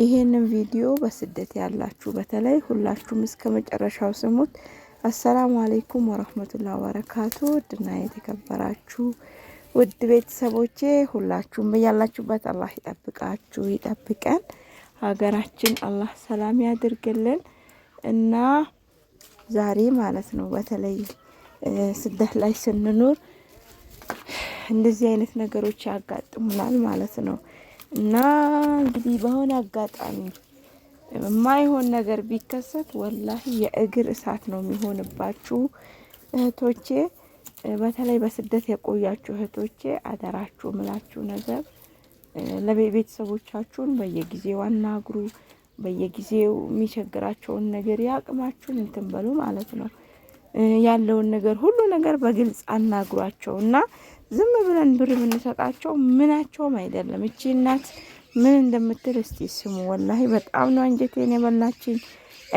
ይሄንን ቪዲዮ በስደት ያላችሁ በተለይ ሁላችሁም እስከ መጨረሻው ስሙት። አሰላሙ አሌይኩም ወረህመቱላ ወበረካቱ። ውድና የተከበራችሁ ውድ ቤተሰቦቼ ሁላችሁም በያላችሁበት አላህ ይጠብቃችሁ ይጠብቀን። ሀገራችን አላህ ሰላም ያድርግልን እና ዛሬ ማለት ነው በተለይ ስደት ላይ ስንኖር እንደዚህ አይነት ነገሮች ያጋጥሙናል ማለት ነው። እና እንግዲህ በሆነ አጋጣሚ የማይሆን ነገር ቢከሰት ወላሂ የእግር እሳት ነው የሚሆንባችሁ እህቶቼ፣ በተለይ በስደት የቆያችሁ እህቶቼ አደራችሁ ምላችሁ ነገር ለቤተሰቦቻችሁን በየጊዜው አናግሩ። በየጊዜው የሚቸግራቸውን ነገር ያቅማችሁን እንትን በሉ ማለት ነው። ያለውን ነገር ሁሉ ነገር በግልጽ አናግሯቸው እና ዝም ብለን ብር ብንሰጣቸው ምናቸውም አይደለም። እቺ እናት ምን እንደምትል እስቲ ስሙ። ወላሂ በጣም ነው አንጀቴን የበላችኝ።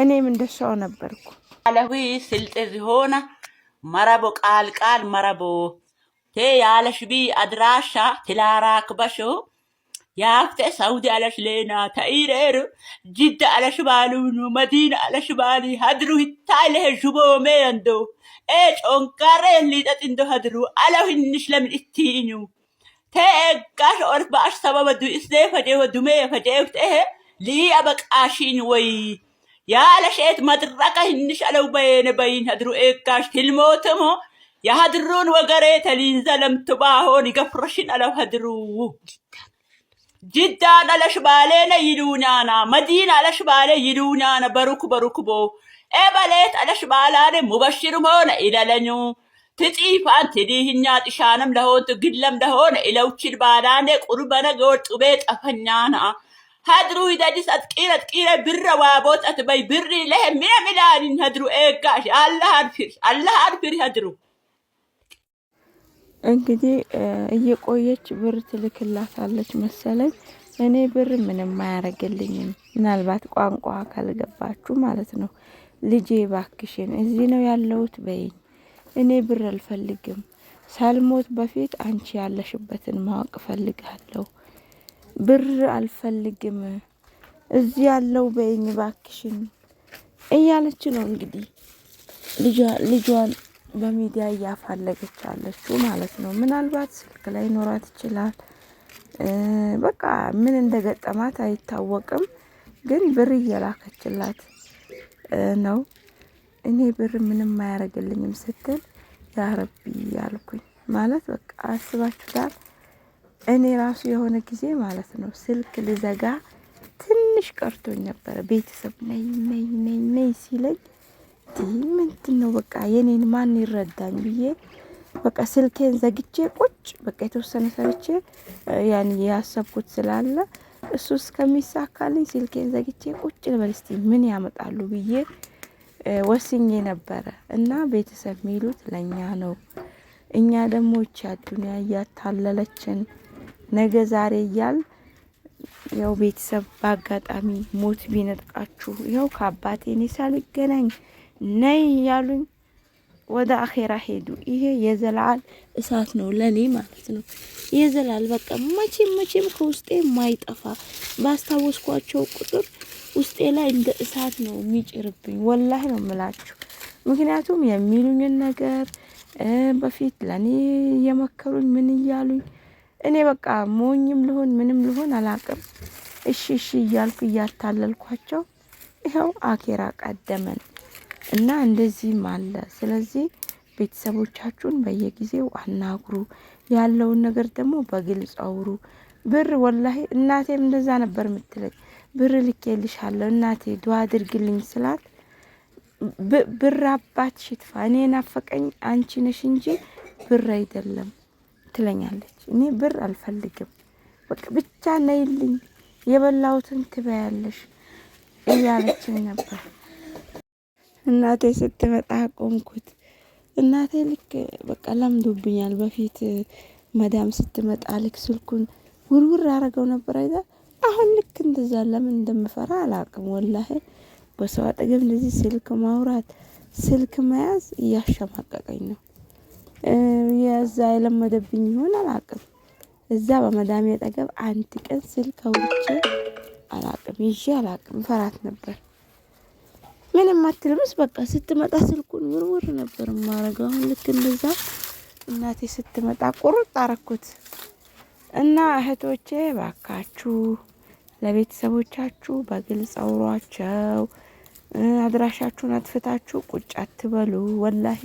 እኔም እንደሷው ነበርኩ። ለዊ ስልጥር ሆነ መረቦ ቃል ቃል መረቦ ቴ ያለሽቢ አድራሻ ትላራክበሾ أخت سعودي على شلينا إيرو جدة على شبالونو مدينة على شبالي هدرو هتاله جبو ميندو ايش انكاره اللي تتندو هدرو على هنشلم كاش تأقاش باش سبب دو إسني فجيه ودمي فجيه فتأه لي أبك آشين وي يا لشيت مدرقة هنش ألو بين بين هدرو إيقاش تلموتمو يا هدرون وقريت لين زلم تباهوني قفرشين على هدرو ጅዳን አለሽባሌነ ይዱኛና መዲና አለሽባሌ ይዱኛና በሩክ በሩክቦ ኤበሌት አለሽባላን ሙበሽርም ሆነ ኢለለኙ ትጽፋን ትዲህኛ ጥሻንም ለሆንት ግለም ለሆነ ኢለውችን ባዳኔ ቁርበነ ጎድ ጡቤ ጠፈኛና ሀድሩ ይደዲስ አጥቂረ ጥቂረ ብረ ዋቦት አትበይ ብሪ ለሄ ሚያ ሚላኒን ሀድሩ ኤጋሽ አላህ አድፊር አላህ አድፊር ሀድሩ እንግዲህ እየቆየች ብር ትልክላታለች መሰለኝ። እኔ ብር ምንም አያረግልኝም፣ ምናልባት ቋንቋ ካልገባችሁ ማለት ነው። ልጄ ባክሽን እዚህ ነው ያለሁት በይኝ፣ እኔ ብር አልፈልግም፣ ሳልሞት በፊት አንቺ ያለሽበትን ማወቅ እፈልጋለሁ፣ ብር አልፈልግም፣ እዚህ ያለው በይኝ ባክሽን እያለች ነው እንግዲህ ልጇን በሚዲያ እያፋለገች አለችው ማለት ነው። ምናልባት ስልክ ላይ ኖራት ይችላል። በቃ ምን እንደገጠማት አይታወቅም። ግን ብር እየላከችላት ነው። እኔ ብር ምንም አያደርግልኝም ስትል ያረቢ ያልኩኝ ማለት በቃ አስባችሁታል። እኔ ራሱ የሆነ ጊዜ ማለት ነው ስልክ ልዘጋ ትንሽ ቀርቶኝ ነበረ ቤተሰብ ነይ ነይ ነይ ነይ ሲለኝ ምንድን ነው በቃ የኔን ማን ይረዳኝ ብዬ በቃ ስልኬን ዘግቼ ቁጭ በቃ የተወሰነ ሰርቼ ያን ያሰብኩት ስላለ እሱ እስከሚሳካልኝ ስልኬን ዘግቼ ቁጭ ልበል እስቲ ምን ያመጣሉ ብዬ ወስኜ ነበረ። እና ቤተሰብ የሚሉት ለእኛ ነው። እኛ ደግሞ ይቺ ዱንያ እያታለለችን ነገ ዛሬ እያል ያው ቤተሰብ በአጋጣሚ ሞት ቢነጥቃችሁ፣ ያው ከአባቴ እኔ ሳልገናኝ ነይ እያሉኝ ወደ አኼራ ሄዱ። ይሄ የዘላል እሳት ነው ለኔ ማለት ነው። የዘላል በቃ መቼም መቼም ከውስጤ ማይጠፋ ባስታወስኳቸው ቁጥር ውስጤ ላይ እንደ እሳት ነው የሚጭርብኝ። ወላህ ነው ምላችሁ። ምክንያቱም የሚሉኝን ነገር በፊት ለእኔ የመከሩኝ ምን እያሉኝ እኔ በቃ ሞኝም ልሆን ምንም ልሆን አላቅም። እሺ እሺ እያልኩ እያታለልኳቸው ይኸው አኬራ ቀደመን። እና እንደዚህም አለ። ስለዚህ ቤተሰቦቻችሁን በየጊዜው አናግሩ፣ ያለውን ነገር ደግሞ በግልጽ አውሩ። ብር ወላሂ እናቴም እንደዛ ነበር የምትለኝ። ብር ልኬልሻለሁ እናቴ ዱዓ አድርግልኝ ስላት ብር አባት ሽትፋ እኔ ናፈቀኝ አንቺ ነሽ እንጂ ብር አይደለም ትለኛለች። እኔ ብር አልፈልግም፣ በቃ ብቻ ነይልኝ፣ የበላሁትን ትበያለሽ እያለችኝ ነበር። እናቴ ስትመጣ ቆምኩት። እናቴ ልክ በቃ ለምዶብኛል። በፊት መዳም ስትመጣ ልክ ስልኩን ውርውር አረገው ነበር አይዛ አሁን ልክ እንደዛ ለምን እንደምፈራ አላቅም። ወላሂ በሰው አጠገብ እንደዚህ ስልክ ማውራት ስልክ መያዝ እያሸማቀቀኝ ነው። የዛ የለመደብኝ ይሆን አላቅም። እዛ በመዳሜ አጠገብ አንድ ቀን ስልክ አውርቼ አላቅም ይዤ አላቅም። ፈራት ነበር ምንም አትልምስ። በቃ ስትመጣ ስልኩን ውርውር ነበር ማረገው። አሁን ልክ እንደዛ እናቴ ስትመጣ ቁርጥ አረኩት እና እህቶቼ ባካችሁ ለቤተሰቦቻችሁ በግልጽ አውሯቸው። አድራሻችሁን አጥፍታችሁ ቁጭ አትበሉ። ወላሂ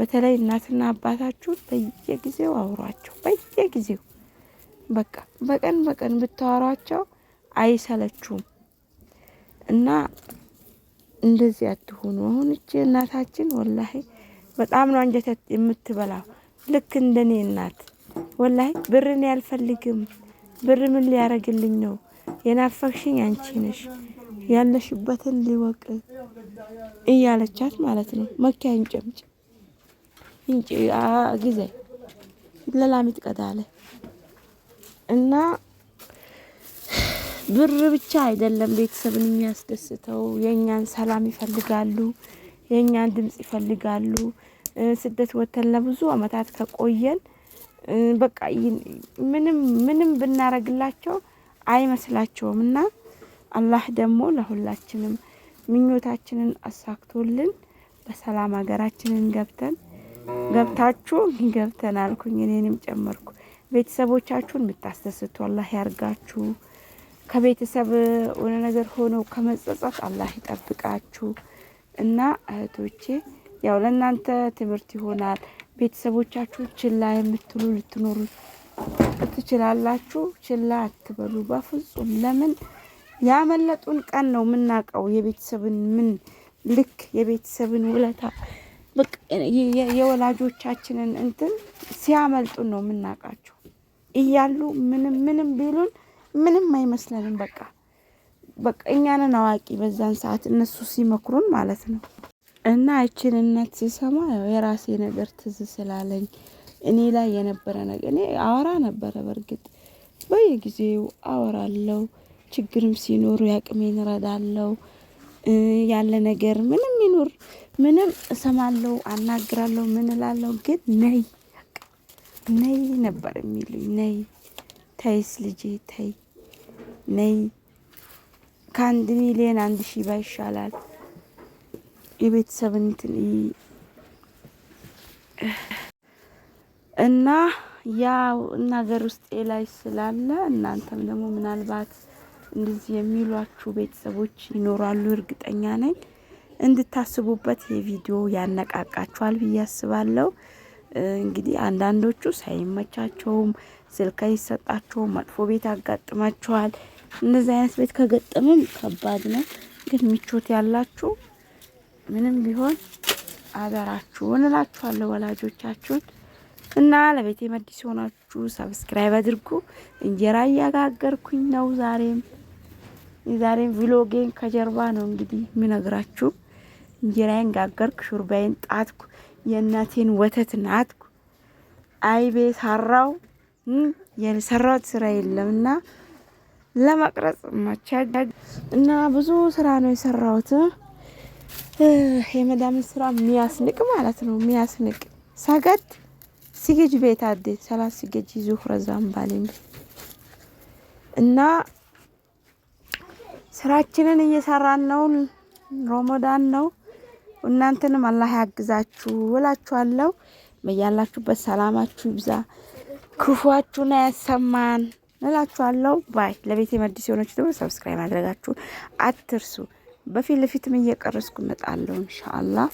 በተለይ እናትና አባታችሁ በየጊዜው አውሯቸው። በየጊዜው በቃ በቀን በቀን ብታወሯቸው አይሰለችሁም እና እንደዚህ አትሆኑ። አሁን እቺ እናታችን ወላሂ በጣም ነው አንጀት የምትበላው። ልክ እንደኔ እናት ወላሂ ብርን ያልፈልግም። ብር ምን ሊያረግልኝ ነው? የናፈቅሽኝ አንቺ ነሽ ያለሽበትን ሊወቅ እያለቻት ማለት ነው። መኪያ እንጨምጭ ጊዜ ለላሚት ቀዳለ እና ብር ብቻ አይደለም ቤተሰብን የሚያስደስተው። የእኛን ሰላም ይፈልጋሉ፣ የእኛን ድምጽ ይፈልጋሉ። ስደት ወተን ለብዙ አመታት ከቆየን በቃ ምንም ምንም ብናረግላቸው አይመስላቸውም እና አላህ ደግሞ ለሁላችንም ምኞታችንን አሳክቶልን በሰላም ሀገራችንን ገብተን ገብታችሁ ገብተን አልኩኝ እኔንም ጨመርኩ ቤተሰቦቻችሁን የምታስደስቱ አላህ ያርጋችሁ። ከቤተሰብ ሆነ ነገር ሆኖ ከመጸጸት አላህ ይጠብቃችሁ እና እህቶቼ፣ ያው ለእናንተ ትምህርት ይሆናል። ቤተሰቦቻችሁ ችላ የምትሉ ልትኖሩ ትችላላችሁ። ችላ አትበሉ በፍጹም። ለምን ያመለጡን ቀን ነው የምናውቀው። የቤተሰብን ምን ልክ የቤተሰብን ውለታ የወላጆቻችንን እንትን ሲያመልጡን ነው የምናውቃቸው እያሉ ምንም ምንም ቢሉን ምንም አይመስለንም። በቃ በቃ እኛንን አዋቂ በዛን ሰዓት እነሱ ሲመክሩን ማለት ነው። እና አይችልነት ሲሰማ የራሴ ነገር ትዝ ስላለኝ እኔ ላይ የነበረ ነገር እኔ አወራ ነበረ። በእርግጥ በየጊዜው አወራለው፣ ችግርም ሲኖሩ ያቅሜን እረዳለሁ። ያለ ነገር ምንም ይኖር ምንም እሰማለው፣ አናግራለው፣ ምን ግን ነይ ነይ ነበር የሚሉኝ ነይ ተይስ ልጄ ተይ ነይ ከአንድ ሚሊዮን አንድ ሺ ባይሻላል የቤተሰብ እንትን እና ያው ነገር ሀገር ውስጥ ላይ ስላለ እናንተም ደግሞ ምናልባት እንደዚህ የሚሏችሁ ቤተሰቦች ይኖራሉ፣ እርግጠኛ ነኝ። እንድታስቡበት የቪዲዮ ያነቃቃችኋል ብዬ አስባለሁ። እንግዲህ አንዳንዶቹ ሳይመቻቸውም ስልክ አይሰጣቸውም፣ መጥፎ ቤት አጋጥማቸዋል። እንደዚህ አይነት ቤት ከገጠመም ከባድ ነው። ግን ምቾት ያላችሁ ምንም ቢሆን አደራችሁን እላችኋለሁ ወላጆቻችሁን እና ለቤቴ መዲስ ሆናችሁ ሰብስክራይብ አድርጉ። እንጀራ እያጋገርኩኝ ነው። ዛሬም ዛሬም ቪሎጌን ከጀርባ ነው እንግዲህ የምነግራችሁ። እንጀራዬን ጋገርኩ፣ ሹርባዬን ጣትኩ። የእናቴን ወተት ናትኩ፣ አይቤ ሰራው። የሰራሁት ስራ የለም እና ለመቅረጽ እና ብዙ ስራ ነው የሰራሁት። የመዳምን ስራ የሚያስንቅ ማለት ነው የሚያስንቅ ሰገድ ሲገጅ ቤት አዴ ሰላት ሲገጅ ዙሁረ ዛምባሌን እና ስራችንን እየሰራን ነው። ሮሞዳን ነው እናንተንም አላህ ያግዛችሁ እላችኋለሁ። በያላችሁበት ሰላማችሁ ይብዛ፣ ክፉአችሁን አያሰማን እላችኋለሁ። ባይ ለቤት የመድስ የሆነች ደግሞ ሰብስክራይብ ማድረጋችሁን አትርሱ። በፊት ለፊትም እየቀረስኩ እመጣለሁ ኢንሻአላህ።